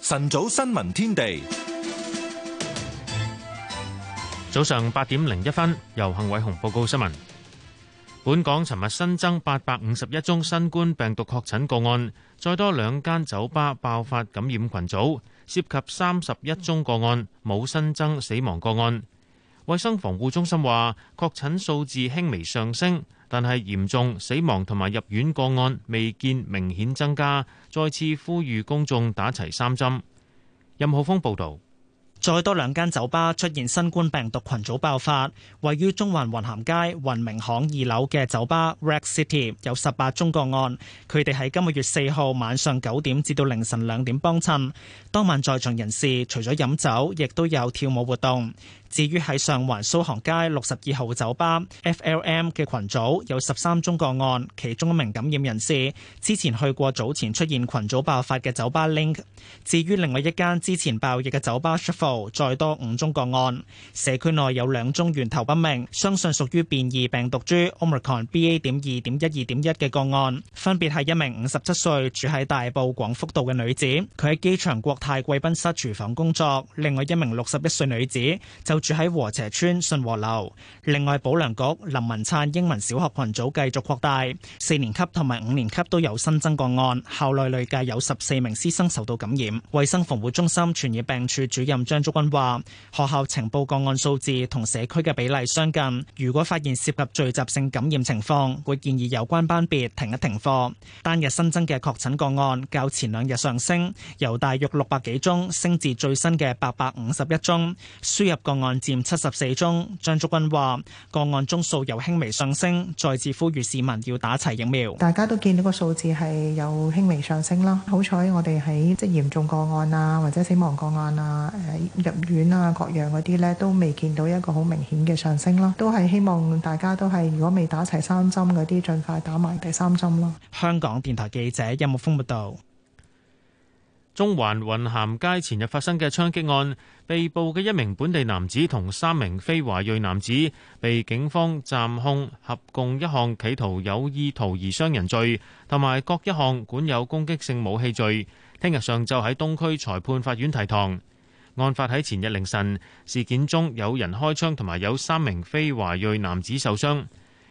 晨早新聞天地，早上八點零一分，由幸偉雄報告新聞。本港尋日新增八百五十一宗新冠病毒確診個案，再多兩間酒吧爆發感染群組，涉及三十一宗個案，冇新增死亡個案。衛生防護中心話，確診數字輕微上升。但係嚴重死亡同埋入院個案未見明顯增加，再次呼籲公眾打齊三針。任浩峰報導，再多兩間酒吧出現新冠病毒群組爆發，位於中環雲咸街雲明巷二樓嘅酒吧 Rack City 有十八宗個案，佢哋喺今個月四號晚上九點至到凌晨兩點幫襯，當晚在場人士除咗飲酒，亦都有跳舞活動。至於喺上環蘇杭街六十二號酒吧 FLM 嘅群組有十三宗個案，其中一名感染人士之前去過早前出現群組爆發嘅酒吧 Link。至於另外一間之前爆疫嘅酒吧 Shuffle，再多五宗個案，社區內有兩宗源頭不明，相信屬於變異病毒株 Omicron BA. 點二點一二點一嘅個案，分別係一名五十七歲住喺大埔廣福道嘅女子，佢喺機場國泰貴賓室廚房工作；另外一名六十一歲女子就。住喺禾輋邨信和樓。另外，保良局林文燦英文小學群組繼續擴大，四年級同埋五年級都有新增個案，校內累計有十四名師生受到感染。衛生防護中心傳染病處主任張竹君話，學校情報個案數字同社區嘅比例相近。如果發現涉及聚集性感染情況，會建議有關班別停一停課。單日新增嘅確診個案較前兩日上升，由大約六百幾宗升至最新嘅八百五十一宗。輸入個案。案佔七十四宗，張竹君話個案宗數有輕微上升，再次呼籲市民要打齊疫苗。大家都見到個數字係有輕微上升啦，好彩我哋喺即嚴重個案啊，或者死亡個案啊、誒入院啊各樣嗰啲咧，都未見到一個好明顯嘅上升啦。都係希望大家都係如果未打齊三針嗰啲，盡快打埋第三針咯。香港電台記者任木峰報道。中環雲咸街前日發生嘅槍擊案，被捕嘅一名本地男子同三名非華裔男子被警方暫控合共一項企圖有意圖而傷人罪，同埋各一項管有攻擊性武器罪。聽日上晝喺東區裁判法院提堂。案發喺前日凌晨，事件中有人開槍，同埋有三名非華裔男子受傷。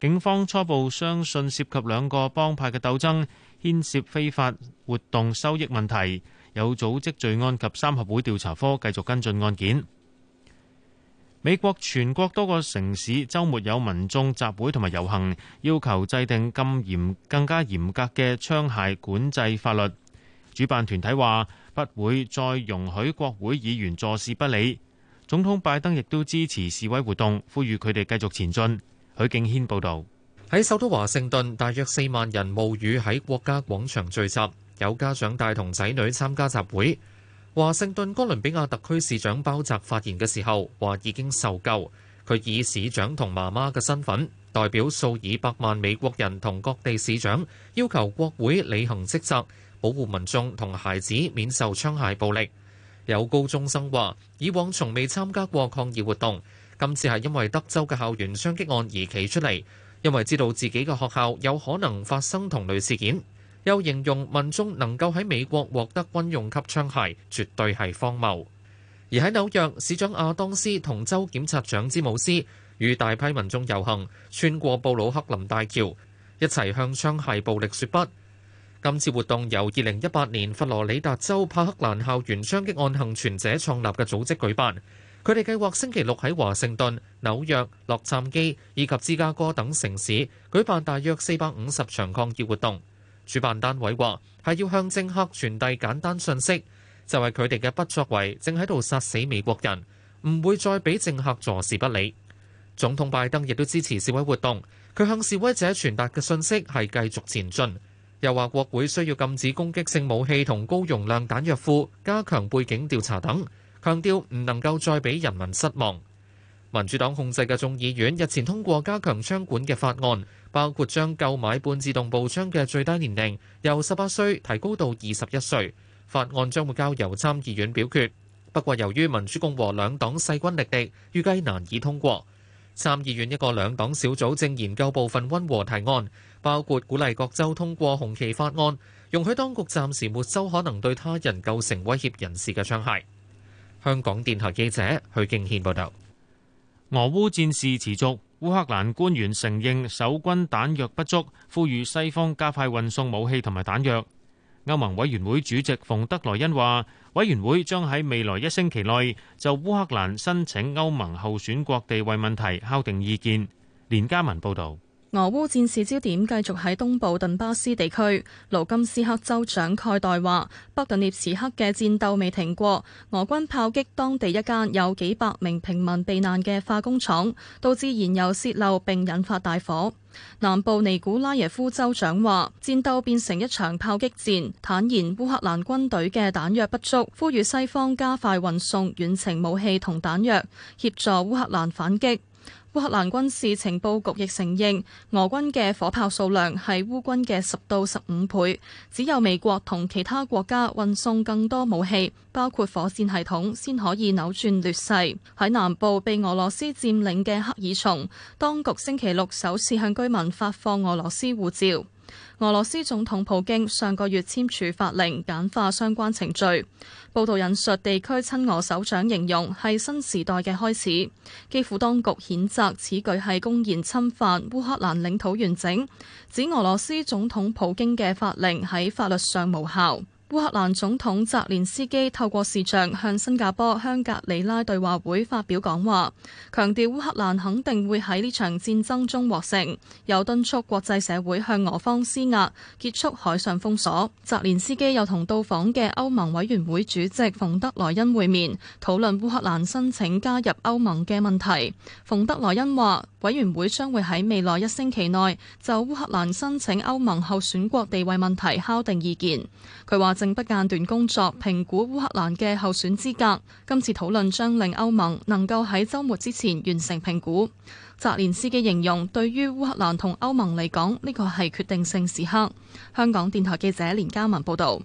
警方初步相信涉及兩個幫派嘅鬥爭，牽涉非法活動收益問題。有組織罪案及三合會調查科繼續跟進案件。美國全國多個城市週末有民眾集會同埋遊行，要求制定更嚴、更加嚴格嘅槍械管制法律。主辦團體話不會再容許國會議員坐視不理。總統拜登亦都支持示威活動，呼籲佢哋繼續前進。許敬軒報導，喺首都華盛頓，大約四萬人冒雨喺國家廣場聚集。有家長帶同仔女參加集會。華盛頓哥倫比亞特區市長鮑澤發言嘅時候，話已經受夠。佢以市長同媽媽嘅身份，代表數以百萬美國人同各地市長，要求國會履行職責，保護民眾同孩子免受槍械暴力。有高中生話：以往從未參加過抗議活動，今次係因為德州嘅校園槍擊案而企出嚟，因為知道自己嘅學校有可能發生同類事件。又形容民眾能夠喺美國獲得軍用級槍械，絕對係荒謬。而喺紐約，市長亞當斯同州檢察長詹姆斯與大批民眾遊行，穿過布魯克林大橋，一齊向槍械暴力說不。今次活動由二零一八年佛羅里達州帕克蘭校園槍擊案幸存者創立嘅組織舉辦。佢哋計劃星期六喺華盛頓、紐約、洛杉磯以及芝加哥等城市舉辦大約四百五十場抗議活動。主辦單位話：係要向政客傳遞簡單訊息，就係佢哋嘅不作為正喺度殺死美國人，唔會再俾政客坐視不理。總統拜登亦都支持示威活動，佢向示威者傳達嘅訊息係繼續前進，又話國會需要禁止攻擊性武器同高容量彈藥庫，加強背景調查等，強調唔能夠再俾人民失望。民主黨控制嘅眾議院日前通過加強槍管嘅法案，包括將購買半自動步槍嘅最低年齡由十八歲提高到二十一歲。法案將會交由參議院表決，不過由於民主共和兩黨勢均力敵，預計難以通過。參議院一個兩黨小組正研究部分温和提案，包括鼓勵各州通過紅旗法案，容許當局暫時沒收可能對他人構成威脅人士嘅槍械。香港電台記者許敬軒報道。俄烏戰事持續，烏克蘭官員承認守軍彈藥不足，呼籲西方加快運送武器同埋彈藥。歐盟委員會主席馮德萊恩話，委員會將喺未來一星期內就烏克蘭申請歐盟候選國地位問題敲定意見。連嘉文報導。俄烏戰事焦點繼續喺東部頓巴斯地區，盧甘斯克州長蓋代話：北頓涅茨克嘅戰鬥未停過，俄軍炮擊當地一間有幾百名平民避難嘅化工廠，導致燃油泄漏並引發大火。南部尼古拉耶夫州長話：戰鬥變成一場炮擊戰，坦言烏克蘭軍隊嘅彈藥不足，呼籲西方加快運送遠程武器同彈藥，協助烏克蘭反擊。烏克蘭軍事情報局亦承認，俄軍嘅火炮數量係烏軍嘅十到十五倍，只有美國同其他國家運送更多武器，包括火箭系統，先可以扭轉劣勢。喺南部被俄羅斯佔領嘅赫爾松，當局星期六首次向居民發放俄羅斯護照。俄羅斯總統普京上個月簽署法令，簡化相關程序。報道引述地區親俄首長形容係新時代嘅開始。基輔當局譴責此舉係公然侵犯烏克蘭領土完整，指俄羅斯總統普京嘅法令喺法律上無效。烏克蘭總統澤連斯基透過視像向新加坡香格里拉對話會發表講話，強調烏克蘭肯定會喺呢場戰爭中獲勝，又敦促國際社會向俄方施壓結束海上封鎖。澤連斯基又同到訪嘅歐盟委員會主席馮德萊恩會面，討論烏克蘭申請加入歐盟嘅問題。馮德萊恩話。委員會將會喺未來一星期內就烏克蘭申請歐盟候選國地位問題敲定意見。佢話正不間斷工作評估烏克蘭嘅候選資格，今次討論將令歐盟能夠喺周末之前完成評估。澤連斯基形容，對於烏克蘭同歐盟嚟講，呢個係決定性時刻。香港電台記者連嘉文報道。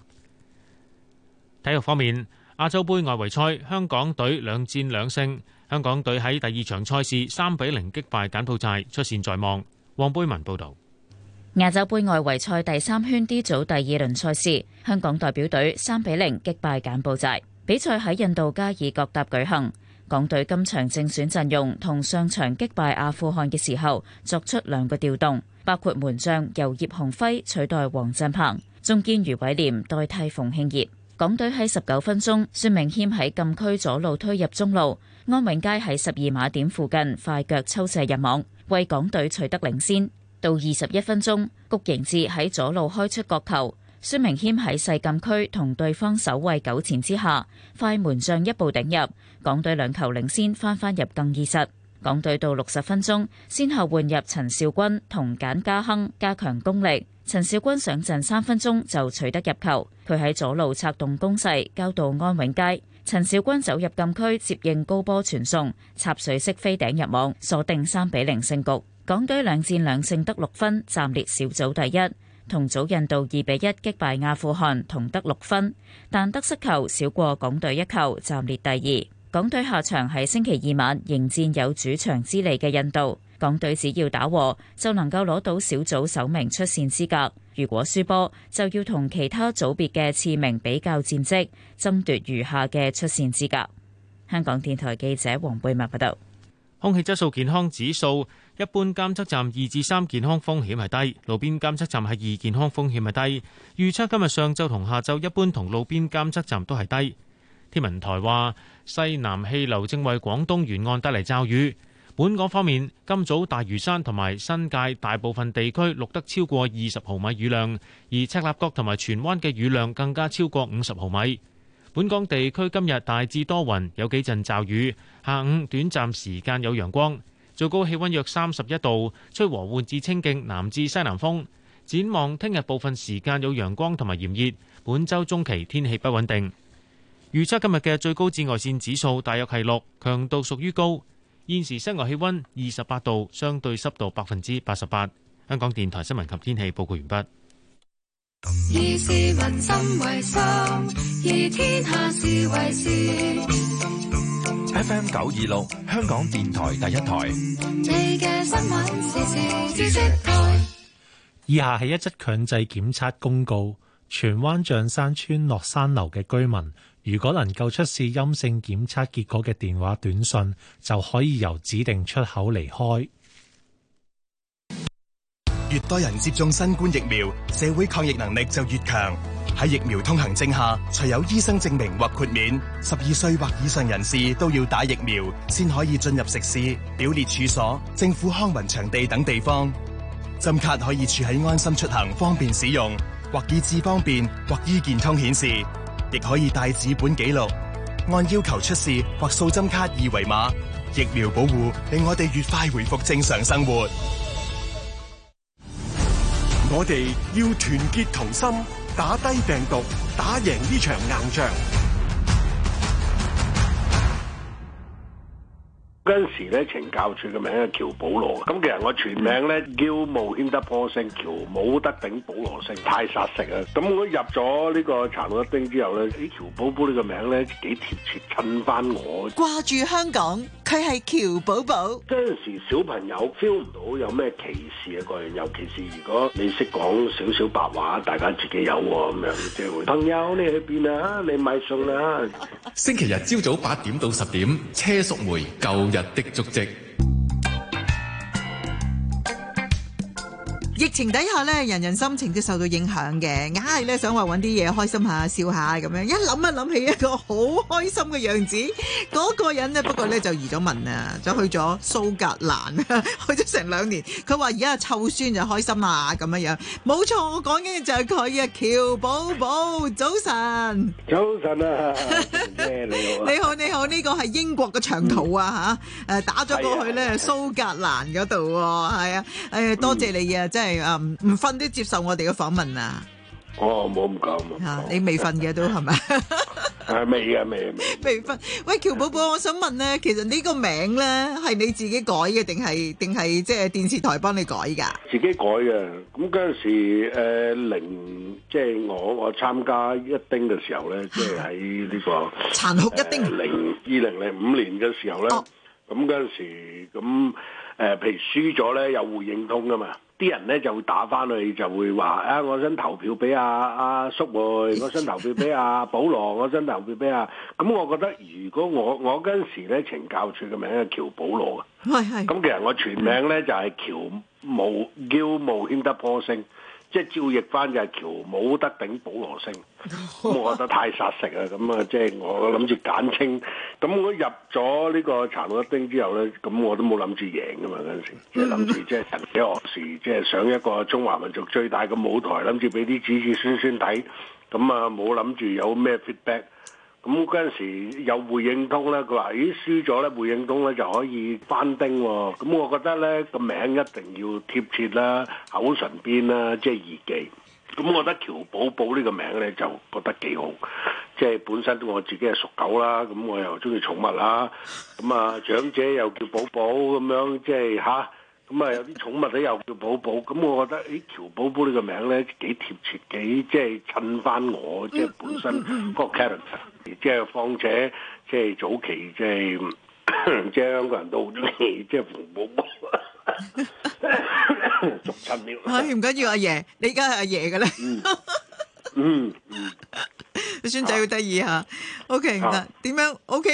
體育方面。亞洲盃外圍賽，香港隊兩戰兩勝。香港隊喺第二場賽事三比零擊敗柬埔寨，出線在望。黃貝文報導。亞洲盃外圍賽第三圈 D 組第二輪賽事，香港代表隊三比零擊敗柬埔寨。比賽喺印度加爾各答舉行。港隊今場正選陣容同上場擊敗阿富汗嘅時候作出兩個調動，包括門將由葉鴻輝取代王振鵬，中堅余偉廉代替馮慶業。港隊喺十九分鐘，孫明謙喺禁區左路推入中路，安永佳喺十二碼點附近快腳抽射入網，為港隊取得領先。到二十一分鐘，谷迎智喺左路開出角球，孫明謙喺細禁區同對方守衛糾纏之下，快門將一步頂入，港隊兩球領先，翻返入更衣室。港隊到六十分鐘，先後換入陳少軍同簡家亨加強攻力。陳少軍上陣三分鐘就取得入球，佢喺左路策動攻勢，交到安永佳。陳少軍走入禁區接應高波傳送，插水式飛頂入網，鎖定三比零勝局。港隊兩戰兩勝得六分，暫列小組第一。同組印度二比一擊敗阿富汗，同得六分，但得失球少過港隊一球，暫列第二。港隊下場係星期二晚，迎戰有主場之利嘅印度。港隊只要打和，就能夠攞到小組首名出線資格。如果輸波，就要同其他組別嘅次名比較戰績，爭奪餘下嘅出線資格。香港電台記者黃貝麥報道。空氣質素健康指數，一般監測站二至三健康風險係低，路邊監測站係二健康風險係低。預測今日上晝同下晝，一般同路邊監測站都係低。天文台話西南氣流正為廣東沿岸帶嚟驟雨。本港方面，今早大嶼山同埋新界大部分地區錄得超過二十毫米雨量，而赤鱲角同埋荃灣嘅雨量更加超過五十毫米。本港地區今日大致多雲，有幾陣驟雨，下午短暫時間有陽光，最高氣溫約三十一度，吹和緩至清勁南至西南風。展望聽日部分時間有陽光同埋炎熱，本周中期天氣不穩定。預測今日嘅最高紫外線指數大約係六，強度屬於高。現時室外氣温二十八度，相對濕度百分之八十八。香港電台新聞及天氣報告完畢。以天下事為事。F.M. 九二六，26，香港電台第一台。台以下係一則強制檢測公告：荃灣象山村落山樓嘅居民。如果能夠出示陰性檢測結果嘅電話短信，就可以由指定出口離開。越多人接種新冠疫苗，社會抗疫能力就越強。喺疫苗通行證下，除有醫生證明或豁免，十二歲或以上人士都要打疫苗先可以進入食肆、表列處所、政府康文場地等地方。針卡可以儲喺安心出行方便使用，或以智方便，或醫健通顯示。亦可以帶紙本記錄，按要求出示或掃針卡二維碼。疫苗保護令我哋越快回復正常生活。我哋要團結同心，打低病毒，打贏呢場硬仗。嗰陣時咧，懲教處嘅名係喬保羅，咁其實我全名咧叫 In The 穆恩德保羅，姓喬，冇得頂保羅姓，太煞食啦。咁我入咗呢個查魯一丁之後咧，呢喬寶寶呢個名咧幾貼切，襯翻我掛住香港。佢係喬寶寶。嗰陣時小朋友 feel 唔到有咩歧視嘅，個人尤其是如果你識講少少白話，大家自己有喎，咁樣即係會。朋友，你去邊啊？你買餸啦。 星期日朝早八點到十點，車淑梅舊日的足跡。疫情底下咧，人人心情都受到影響嘅，硬係咧想話揾啲嘢開心下、笑下咁樣。一諗一諗起一個好開心嘅樣子，嗰個人呢，不過咧就移咗民啊，就去咗蘇格蘭，去咗成兩年。佢話而家湊孫就開心啊，咁樣樣。冇錯，我講緊嘅就係佢啊，喬寶寶，早晨。早晨啊，你好，你好，呢、這個係英國嘅長途啊，吓誒，打咗過去咧，蘇格蘭嗰度係啊，誒、哎，多謝你啊，真係、嗯。啊！唔唔瞓都接受我哋嘅訪問啊！哦，冇咁講，你未瞓嘅都係咪？誒，未啊，未未瞓。喂，喬寶寶，我想問咧，其實呢個名咧係你自己改嘅，定係定係即係電視台幫你改㗎？自己改嘅。咁嗰陣時誒零，即係我我參加一丁嘅時候咧，即係喺呢個殘酷一丁零二零零五年嘅時候咧，咁嗰陣時咁。誒，譬如輸咗咧，有回應通㗎嘛，啲人咧就會打翻去，就會話啊，我想投票俾阿阿叔妹，我想投票俾阿、啊、保羅，我想投票俾啊。嗯，咁我覺得如果我我嗰陣時咧，懲教處嘅名係喬保羅嘅，係係、 嗯，咁其實我全名咧就係、是、喬無喬無顯德坡聖。即係照譯翻就係喬冇得頂保羅星、嗯，我覺得太殺食啦咁啊！即係我諗住簡稱，咁、嗯、我入咗呢、這個查魯一丁之後咧，咁、嗯、我都冇諗住贏噶嘛嗰陣時，即係諗住即係趁幾何時，即、就、係、是、上一個中華民族最大嘅舞台，諗住俾啲子子孫孫睇，咁啊冇諗住有咩 feedback。咁嗰陣時有匯盈通咧，佢話：咦，輸咗咧，匯盈通咧就可以翻叮喎。咁、嗯、我覺得咧個名一定要貼切啦、口唇邊啦，即係易記。咁、嗯、我覺得喬寶寶呢個名咧就覺得幾好，即係本身我自己係屬狗啦，咁、嗯、我又中意寵物啦，咁、嗯、啊長者又叫寶寶咁樣，即係嚇。咁啊，有啲寵物咧又叫寶寶，咁我覺得誒喬、哎、寶寶呢個名咧幾貼切，幾即係襯翻我，即係本身個 character，即係況且即係早期即係即係香港人都好中意即係馮寶寶，仲襯啲。唔緊要，阿爺、啊，你而家係阿爺嘅咧。嗯、啊、嗯，孫仔好得意嚇。O K，點樣？O K。Okay,